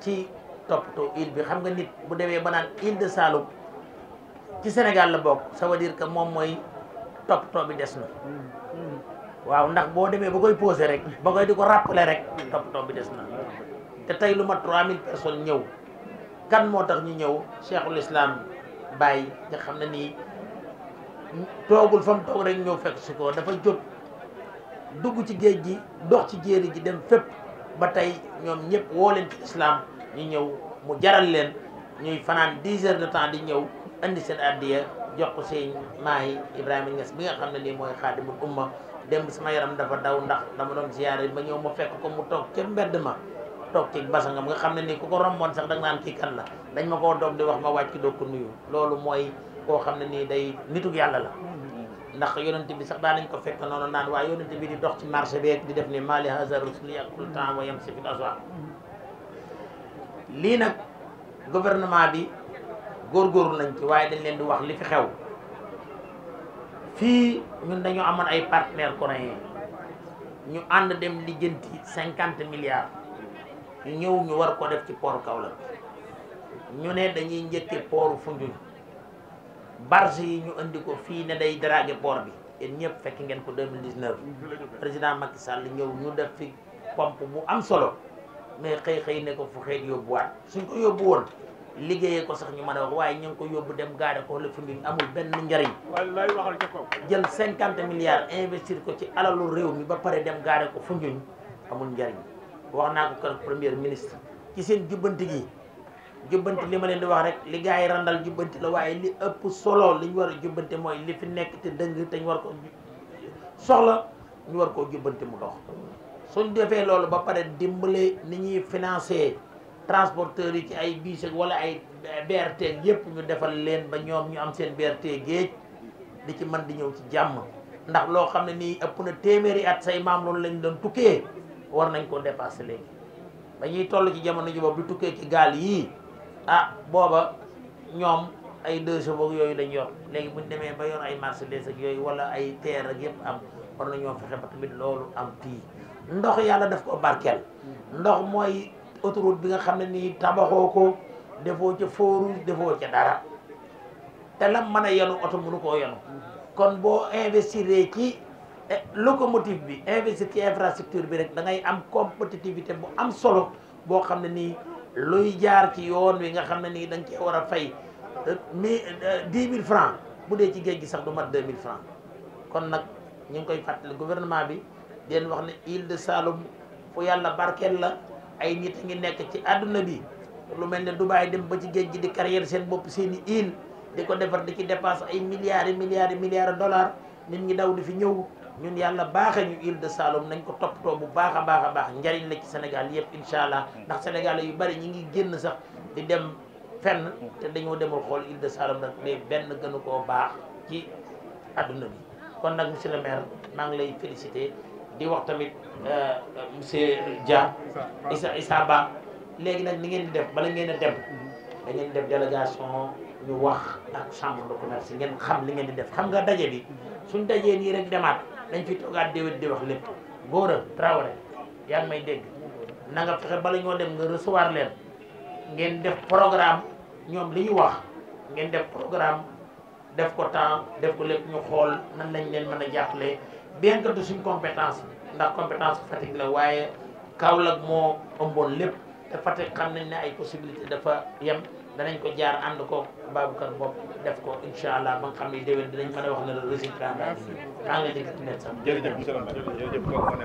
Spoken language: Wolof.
ci toppatoo île bi xam nga nit bu demee ba naan île de Saloum ci Sénégal la bokk ça veut que moom mooy toppatoo bi des na waaw ndax boo demee ba koy posé rek ba koy di ko rappeler rek toppatoo bi des na te tey lu ma 3000 personnes ñëw kan moo tax ñu ñëw cheikhul islam bàyyi nga xam na nii toogul fa mu toog rek ñëw fekk si ko dafa jot dugg ci géej gi dox ci jéeri gi dem fépp ba tey ñoom ñëpp woo leen ci islam ñu ñëw mu jaral leen ñuy fanaan dix heures de temps di ñëw indi seen addiya jox ko seen maahi Ibrahima Niass bi nga xam ne lii mooy xaadimul umma dem sama yaram dafa daw ndax dama doon ziyaare ba ñëw ma fekk ko mu toog ca mbedd ma toog ci basangam nga xam ne nii ku ko romboon sax da nga naan kii kan la dañ ma koo doog di wax ma wàcc doog ko nuyu loolu mooy koo xam ne nii day nituk yàlla la ndax yonente bi sax daanañ ko fekk noonu naan waaye yonente bi di dox ci marché beeg di def ne mali haza rasul yakul temps wa yamsi fil aswaq lii nag gouvernement bi góor góorgóorlu nañ ci waaye dañ leen di wax li fi xew fii ñun dañu amoon ay partenaires coréens ñu ànd dem lijjanti cinquante milliards ñu ñëw ñu war ko def ci port Kaolack ñu ne dañuy njëkke port Foundiougne barge yi ñu indi ko fii ne day draguer port bi yéen ñëpp fekk ngeen ko 2019 président Macky sàll ñëw ñu def fi pompe bu am solo mais xëy xëy ne ko fu xeet yóbbuwaat suñ ko yóbbu woon liggéeyee ko sax ñu mën a wax waaye ñu ngi ko yóbbu dem gaare ko lëfu ngi amul benn njariñ wallaay waxal ca kaw jël cinquante milliards investir ko ci alalu réew mi ba pare dem gaare ko fu njuñ amul njariñ wax naa ko kër premier ministre ci seen jubbanti gi jubbanti li ma leen di wax rek li gars yi randal jubbanti la waaye li ëpp solo li ñu war a jubbante mooy li fi nekk te dëng te ñu war ko soxla ñu war koo jubbanti mu dox suñ defee loolu ba pare dimbale ni ñuy financer transporteurs yi ci ay bus wala ay BRT yépp ñu defal leen ba ñoom ñu am seen BRT géej di ci man di ñëw ci jàmm ndax loo xam ne nii ëpp na téeméeri at say maam loolu lañ doon tukkee war nañ koo dépasser léegi ba ñuy toll ci jamono ji boobu di gaal yii ah booba ñoom ay deux chevaux yooyu lañ yor léegi buñ demee ba yor ay marchandise ak yooyu wala ay teer ak yëpp am war na ñoo fexe ba tamit loolu am fii ndox yàlla def ko barkeel ndox mooy autoroute bi nga xam ne nii tabaxoo ko defoo ca fooru defoo ce dara te la mën a yenu oto mënu koo yenu kon boo investir ci eh, locomotive bi investir ci infrastructure bi rek da ngay am compétitivité bu am solo boo xam ne nii luy jaar ci yoon wi nga xam ne nii da nga war a fay euh, mi euh, dix mille francs bu dee ci géej gi sax du mat deux mille francs kon nag ñu ngi koy fàttali gouvernement bi di wax ne ile de Saloum fu yàlla barkeel la ay nit a ngi nekk ci àdduna bi lu mel ne Dubaay dem ba ci géej gi di carrière seen bopp seeni île di ko defar di ci dépense ay milliards et milliards et milliards de dollars nit ñi daw di fi ñëw ñun yàlla baaxee ñu île de Saloum nañ ko toppatoo bu baax a baax a baax njariñ la ci Sénégal yëpp incha allah mm. ndax sénégalais yu bari ñi ngi génn sax di dem fenn te dañoo demul xool il de Saloum nag mais benn gënu koo baax ci adduna bi kon nag monsieur maire maa ngi lay féliciter di wax tamit euh, monsieur Dia Issa Issa Ba léegi nag ni ngeen di def bala ngeen a dem da ngeen def délégation ñu wax ak chambre de commerce ngeen xam li ngeen di def xam nga daje bi suñ dajee nii rek demaat dañ fi toogaat déwét di lépp góor a Traoré yaa ngi may dégg nanga nga fexe bala ñoo dem nga recevoir leen ngeen def programme ñoom li ñu wax ngeen def programme def ko temps def ko lépp ñu xool nan lañ leen mën a jàppale bien que du suñ compétence ndax compétence Fatick la waaye Kaolack moo ëmboon lépp te Fatick xam nañ ne ay possibilité dafa yem danañ ko jaar ànd ko Babacar bopp def ko incha allah ba nga xam ne a wax na le résultat daal maa ngi leen di